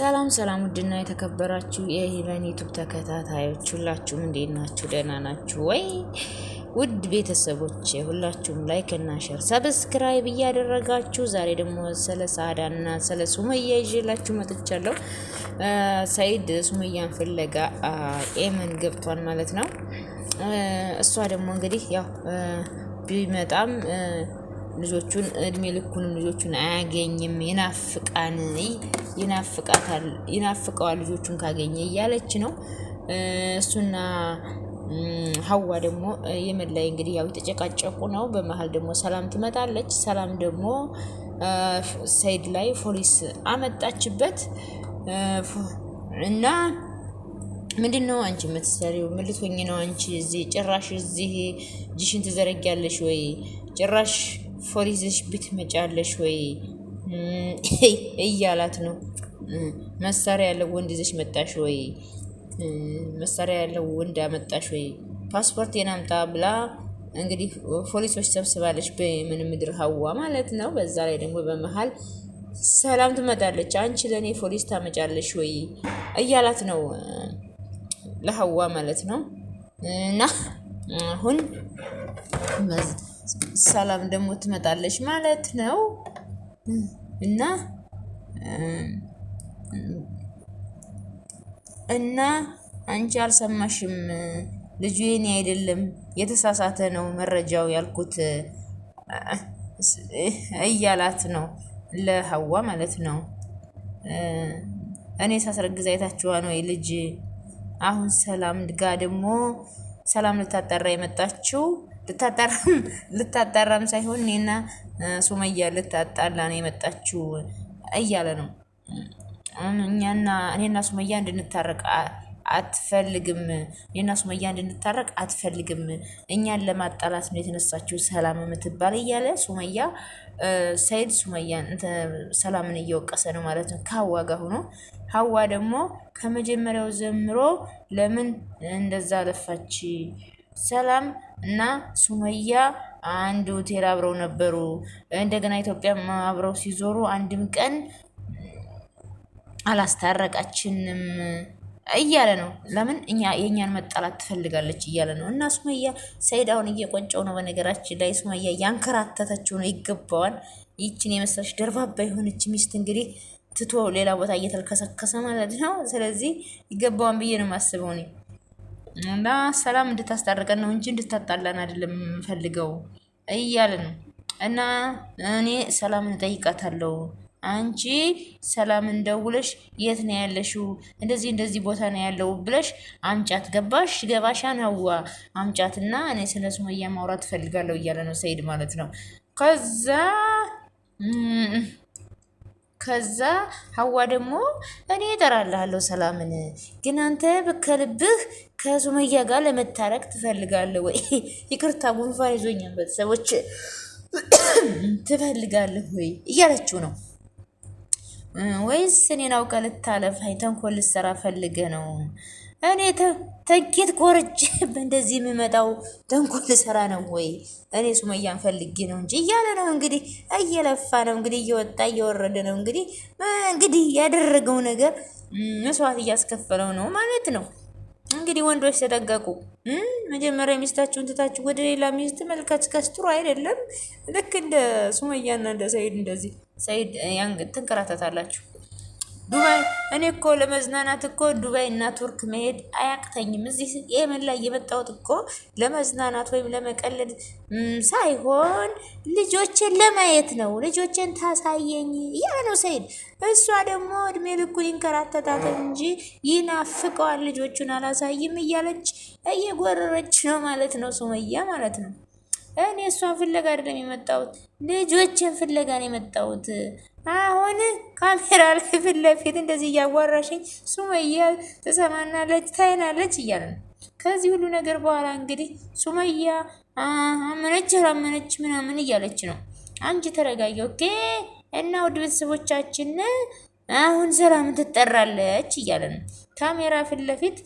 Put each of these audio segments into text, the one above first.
ሰላም ሰላም፣ ውድና የተከበራችሁ የሄለን ዩቱብ ተከታታዮች ሁላችሁም እንዴት ናችሁ? ደህና ናችሁ ወይ? ውድ ቤተሰቦች ሁላችሁም ላይክ እና ሸር ሰብስክራይብ እያደረጋችሁ ዛሬ ደግሞ ስለ ሳዳ እና ስለ ሱመያ ይዤላችሁ መጥቻለሁ። ሰይድ ሱመያን ፍለጋ ኤመን ገብቷል ማለት ነው። እሷ ደግሞ እንግዲህ ያው ቢመጣም ልጆቹን እድሜ ልኩንም ልጆቹን አያገኝም። ይናፍቀዋል ልጆቹን ካገኘ እያለች ነው እሱና ሀዋ ደግሞ የመን ላይ እንግዲህ ያው የተጨቃጨቁ ነው። በመሀል ደግሞ ሰላም ትመጣለች። ሰላም ደግሞ ሰይድ ላይ ፖሊስ አመጣችበት እና ምንድን ነው አንቺ የምትሰሪው? ምን ነው አንቺ? እዚህ ጭራሽ እዚህ እጅሽን ትዘረጊያለሽ ወይ ጭራሽ ፎሪዝሽ ብትመጫለሽ ወይ እያላት ነው። መሳሪያ ያለው ወንድ ይዘሽ መጣሽ ወይ? መሳሪያ ያለው ወንድ አመጣሽ ወይ? ፓስፖርት የናምጣ ብላ እንግዲህ ፖሊሶች ሰብስባለች። በምን ምድር ሀዋ ማለት ነው። በዛ ላይ ደግሞ በመሀል ሰላም ትመጣለች። አንቺ ለእኔ ፖሊስ ታመጫለሽ ወይ እያላት ነው ለሀዋ ማለት ነው። እና አሁን ሰላም ደግሞ ትመጣለች ማለት ነው እና እና አንቺ አልሰማሽም ልጁ የኔ አይደለም የተሳሳተ ነው መረጃው ያልኩት እያላት ነው ለሀዋ ማለት ነው። እኔ ሳስረግዝ አይታችኋ ነው ልጅ አሁን ሰላም ድጋ ደግሞ ሰላም ልታጠራ የመጣችው ልታጣራም ሳይሆን እኔና ሱመያ ልታጣላ ነው የመጣችው እያለ ነው። እኛና እኔና ሱመያ እንድንታረቅ አትፈልግም። እኔና ሱመያ እንድንታረቅ አትፈልግም። እኛን ለማጣላት ነው የተነሳችው ሰላም የምትባል እያለ ሱመያ ሰይድ ሱመያ ሰላምን እየወቀሰ ነው ማለት ነው ከሀዋ ጋር ሆኖ ሀዋ ደግሞ ከመጀመሪያው ዘምሮ ለምን እንደዛ ለፋች ሰላም እና ሱመያ አንድ ሆቴል አብረው ነበሩ። እንደገና ኢትዮጵያ አብረው ሲዞሩ አንድም ቀን አላስታረቃችንም እያለ ነው። ለምን እኛ የእኛን መጣላት ትፈልጋለች እያለ ነው። እና ሱመያ ሰይድ አሁን እየቆጨው ነው። በነገራችን ላይ ሱመያ ያንከራተተችው ነው፣ ይገባዋል። ይችን የመሰለች ደርባባ የሆነች ሚስት እንግዲህ ትቶ ሌላ ቦታ እየተልከሰከሰ ማለት ነው። ስለዚህ ይገባዋን ብዬ ነው የማስበው እኔ። እና ሰላም እንድታስታርቀን ነው እንጂ እንድታጣላን አይደለም የምንፈልገው እያለ ነው። እና እኔ ሰላምን እጠይቃታለሁ። አንቺ ሰላምን ደውለሽ የት ነው ያለሽው? እንደዚህ እንደዚህ ቦታ ነው ያለው ብለሽ አምጫት። ገባሽ ገባሻ ነዋ አምጫትና እኔ ስለ ሱመያ ማውራት እፈልጋለሁ እያለ ነው ሰይድ ማለት ነው። ከዛ ከዛ ሀዋ ደግሞ እኔ እጠራልሃለሁ ሰላምን፣ ግን አንተ በከልብህ ከሱመያ ጋር ለመታረቅ ትፈልጋለህ ወይ? ይቅርታ ጉንፋን ይዞኛል ቤተሰቦች፣ ትፈልጋለህ ወይ እያለችው ነው ወይስ እኔን አውቀህ ልታለፍ ተንኮል ልትሰራ ፈልገህ ነው? እኔ ተጌት ኮርጅ በእንደዚህ የሚመጣው ተንኮል ልሰራ ነው ወይ? እኔ ሱመያን ፈልጌ ነው እንጂ እያለ ነው እንግዲህ፣ እየለፋ ነው እንግዲህ፣ እየወጣ እየወረደ ነው እንግዲህ። እንግዲህ ያደረገው ነገር መስዋዕት እያስከፈለው ነው ማለት ነው። እንግዲህ ወንዶች ተጠንቀቁ። መጀመሪያ ሚስታችሁን ትታችሁ ወደ ሌላ ሚስት መልካች ከስትሩ አይደለም። ልክ እንደ ሱመያና እንደ ሰይድ እንደዚህ ሰይድ ትንከራተታላችሁ። ዱባይ እኔ እኮ ለመዝናናት እኮ ዱባይ እና ቱርክ መሄድ አያቅተኝም። እዚህ የመን ላይ የመጣሁት እኮ ለመዝናናት ወይም ለመቀለድ ሳይሆን ልጆችን ለማየት ነው። ልጆችን ታሳየኝ ያ ነው ሰይድ። እሷ ደግሞ እድሜ ልኩን ይንከራተታት እንጂ ይናፍቀዋል ልጆቹን አላሳይም እያለች እየጎረረች ነው ማለት ነው ሱመያ ማለት ነው። እኔ እሷን ፍለጋ አይደለም የመጣሁት፣ ልጆችን ፍለጋ ነው የመጣሁት። አሁን ካሜራ ላይ ፊት ለፊት እንደዚህ እያዋራሽኝ ሱመያ ትሰማናለች፣ ታይናለች እያለ ነው። ከዚህ ሁሉ ነገር በኋላ እንግዲህ ሱመያ አመነች አላመነች ምናምን እያለች ነው። አንቺ ተረጋጊ ኦኬ። እና ውድ ቤተሰቦቻችን አሁን ሰላም ትጠራለች እያለ ነው። ካሜራ ፊት ለፊት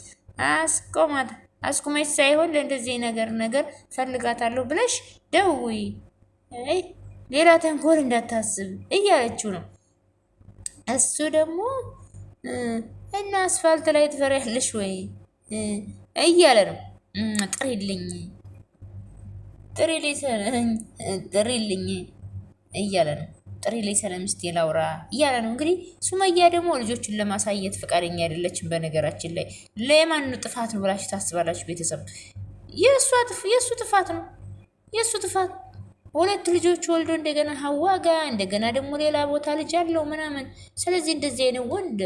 አስቆማት። አስቁመሽ ሳይሆን ለእንደዚህ ነገር ነገር ፈልጋታለሁ ብለሽ ደውይ፣ ሌላ ተንኮል እንዳታስብ እያለችው ነው። እሱ ደግሞ እና አስፋልት ላይ ትፈሪያለሽ ወይ እያለ ነው። ጥሪልኝ ጥሪልኝ ጥሪልኝ እያለ ነው። ጥሬ ላይ ስለ ላውራ እያለ ነው እንግዲህ። ሱመያ ደግሞ ልጆችን ለማሳየት ፈቃደኛ አይደለችም። በነገራችን ላይ ለማኑ ጥፋት ነው ብላችሁ ታስባላችሁ? ቤተሰብ የእሱ ጥፋት ነው የእሱ ጥፋት ሁለት ልጆች ወልዶ እንደገና ሀዋ ጋ እንደገና ደግሞ ሌላ ቦታ ልጅ አለው ምናምን። ስለዚህ እንደዚህ አይነት ወንድ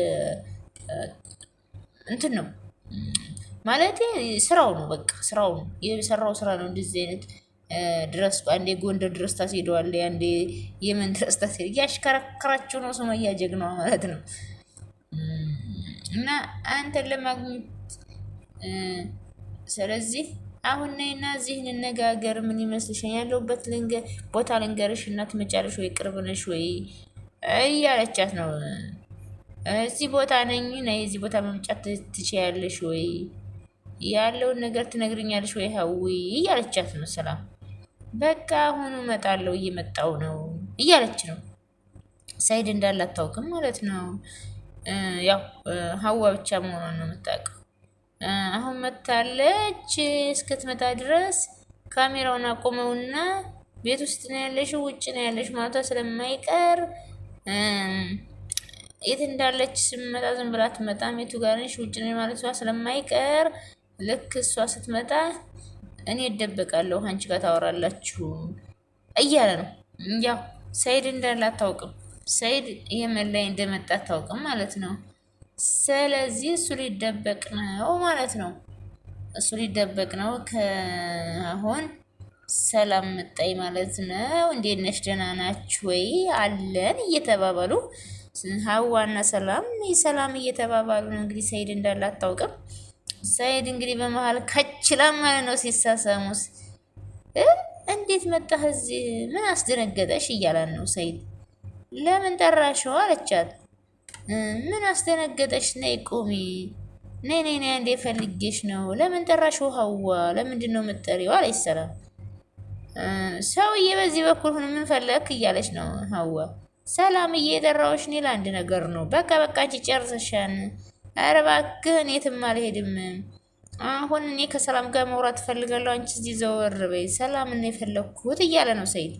እንትን ነው ማለት ስራው ነው፣ በቃ ስራው ነው የሰራው ስራ ነው እንደዚህ አይነት ድረስ አንዴ ጎንደር ድረስ ታስሄደዋለ፣ አንዴ የመን ድረስ ታስሄደ ያሽከረከራቸው ነው ሱመያ ጀግናዋ ማለት ነው። እና አንተን ለማግኘት ስለዚህ አሁን ነይና እዚህ እንነጋገር። ምን ይመስልሻል? ያለሁበት ቦታ ልንገርሽ እና ትመጫለሽ ወይ ቅርብ ነሽ ወይ እያለቻት ነው። እዚህ ቦታ ነኝ፣ ነይ እዚህ ቦታ መምጫት ትችያለሽ ወይ? ያለውን ነገር ትነግርኛለሽ ወይ? ሀዊ እያለቻት ነው ሰላም በቃ አሁኑ እመጣለሁ እየመጣው ነው እያለች ነው። ሳይድ እንዳላታውቅም አታውቅም ማለት ነው። ያው ሀዋ ብቻ መሆኗን ነው የምታውቀው። አሁን መታለች። እስክትመጣ ድረስ ካሜራውን አቆመውና ቤት ውስጥ ነው ያለሽ ውጭ ነው ያለሽ ማለቷ ስለማይቀር የት እንዳለች ስመጣ ዝም ብላ አትመጣም። የቱ ጋር ነሽ ውጭ ነሽ ማለቷ ስለማይቀር ልክ እሷ ስትመጣ እኔ እደበቃለሁ አንቺ ጋር ታወራላችሁ እያለ ነው። ያው ሰይድ እንዳለ አታውቅም። ሰይድ የመን ላይ እንደመጣ አታውቅም ማለት ነው። ስለዚህ እሱ ሊደበቅ ነው ማለት ነው። እሱ ሊደበቅ ነው ከአሁን ሰላም መጣይ ማለት ነው። እንዴት ነሽ? ደህና ናችሁ ወይ? አለን እየተባባሉ ሀዋና ሰላም ሰላም እየተባባሉ ነው። እንግዲህ ሰይድ እንዳለ አታውቅም። ሰይድ እንግዲህ በመሀል ከችላም ማለት ነው ሲሳሳሙስ እንዴት መጣህ እዚህ? ምን አስደነገጠሽ? እያላን ነው ሰይድ። ለምን ጠራሽው? አለቻት። ምን አስደነገጠሽ? ነይ ቁሚ፣ ነይ ነይ ነይ፣ እንዴ ፈልጌሽ ነው። ለምን ጠራሽው? ሀዋ ለምንድን ነው የምትጠሪው? አለች ሰላም። ሰውዬ በዚህ በኩል ሁን፣ ምን ፈለክ? እያለች ነው ሀዋ። ሰላምዬ፣ የጠራሁሽ እኔ ለአንድ ነገር ነው። በቃ በቃ፣ አንቺ ጨርሰሻን ኧረ እባክህ የትም አልሄድም። አሁን እኔ ከሰላም ጋር መውራት እፈልጋለሁ። አንቺ እዚህ ዘወር በይ። ሰላም ነው የፈለግኩት እያለ ነው ሰይድ።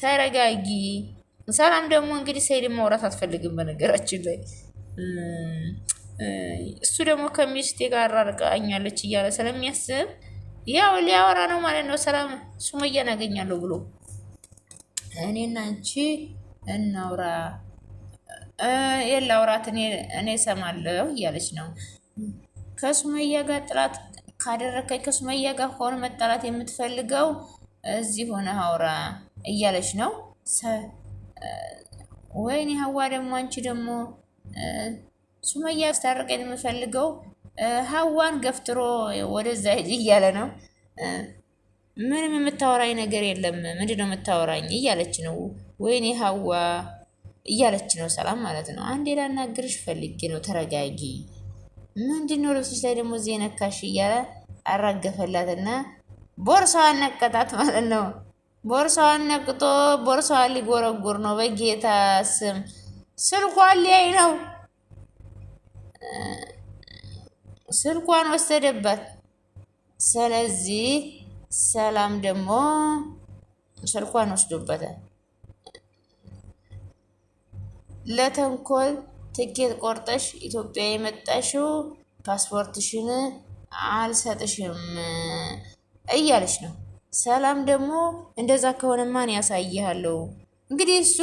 ተረጋጊ። ሰላም ደግሞ እንግዲህ ሰይድን መውራት አትፈልግም። በነገራችን ላይ እሱ ደግሞ ከሚስቴ ጋር አርቃኛለች እያለ ስለሚያስብ ያው ሊያወራ ነው ማለት ነው። ሰላም ሱመያን አገኛለሁ ብሎ እኔና አንቺ እናውራ የላውራት እኔ እሰማለሁ እያለች ነው። ከሱመያ ጋር ጥላት ካደረከኝ ከሱመያ ጋር ከሆነ መጣላት የምትፈልገው እዚህ ሆነ አውራ እያለች ነው። ወይኔ ሀዋ ደግሞ አንቺ ደግሞ ሱመያ ስታርቀኝ የምፈልገው ሀዋን ገፍትሮ ወደዛ ሂጂ እያለ ነው። ምንም የምታወራኝ ነገር የለም ምንድነው የምታወራኝ እያለች ነው። ወይኔ ሀዋ እያለች ነው ሰላም ማለት ነው። አንዴ ላናግርሽ ፈልጌ ነው ተረጋጊ። ምንድን ነው ልብሶች ላይ ደግሞ እዚህ የነካሽ እያለ አራገፈላትና ቦርሳዋን ነቀጣት ማለት ነው። ቦርሳዋን ነቅጦ ቦርሳዋን ሊጎረጉር ነው። በጌታ ስም ስልኳን ሊያይ ነው። ስልኳን ወሰደባት። ስለዚህ ሰላም ደግሞ ስልኳን ወስዶበታል። ለተንኮል ትኬት ቆርጠሽ ኢትዮጵያ የመጣሽው ፓስፖርትሽን አልሰጥሽም እያለች ነው። ሰላም ደግሞ እንደዛ ከሆነ ማን ያሳይሃለው? እንግዲህ እሱ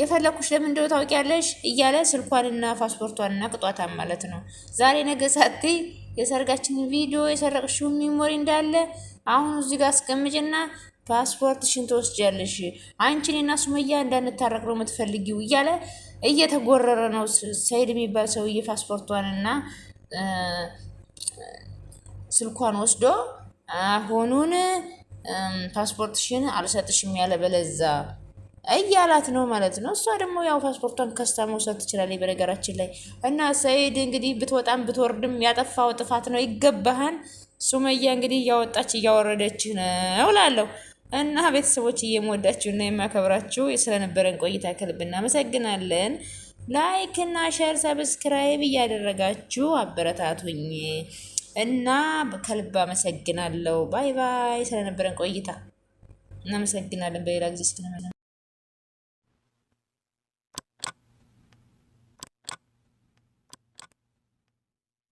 የፈለኩሽ ለምን እንደው ታውቂያለሽ እያለ ስልኳንና ፓስፖርቷን እና ቅጧታን ማለት ነው። ዛሬ ነገ ሳትይ የሰርጋችን ቪዲዮ የሰረቅሽው ሚሞሪ እንዳለ አሁን እዚህ ጋር አስቀምጭና ፓስፖርትሽን ትወስጃለሽ፣ አንቺን እኔና ሱመያ እንዳንታረቅ ነው የምትፈልጊው እያለ እየተጎረረ ነው። ሰይድ የሚባል ሰውዬ ፓስፖርቷንና ስልኳን ወስዶ አሁኑን ፓስፖርትሽን አልሰጥሽም ያለ በለዛ እያላት ነው ማለት ነው። እሷ ደግሞ ያው ፓስፖርቷን ከስታ መውሰድ ትችላለች። በነገራችን ላይ እና ሰይድ እንግዲህ ብትወጣም ብትወርድም ያጠፋው ጥፋት ነው፣ ይገባሃን። ሱመያ እንግዲህ እያወጣች እያወረደች ነው እላለሁ። እና ቤተሰቦች እየመወዳችሁ እና የማከብራችሁ ስለነበረን ቆይታ ከልብ እናመሰግናለን። ላይክ እና ሸር፣ ሰብስክራይብ እያደረጋችሁ አበረታቱኝ እና ከልብ አመሰግናለሁ። ባይ ባይ። ስለነበረን ቆይታ እናመሰግናለን። በሌላ ጊዜ ስለመለ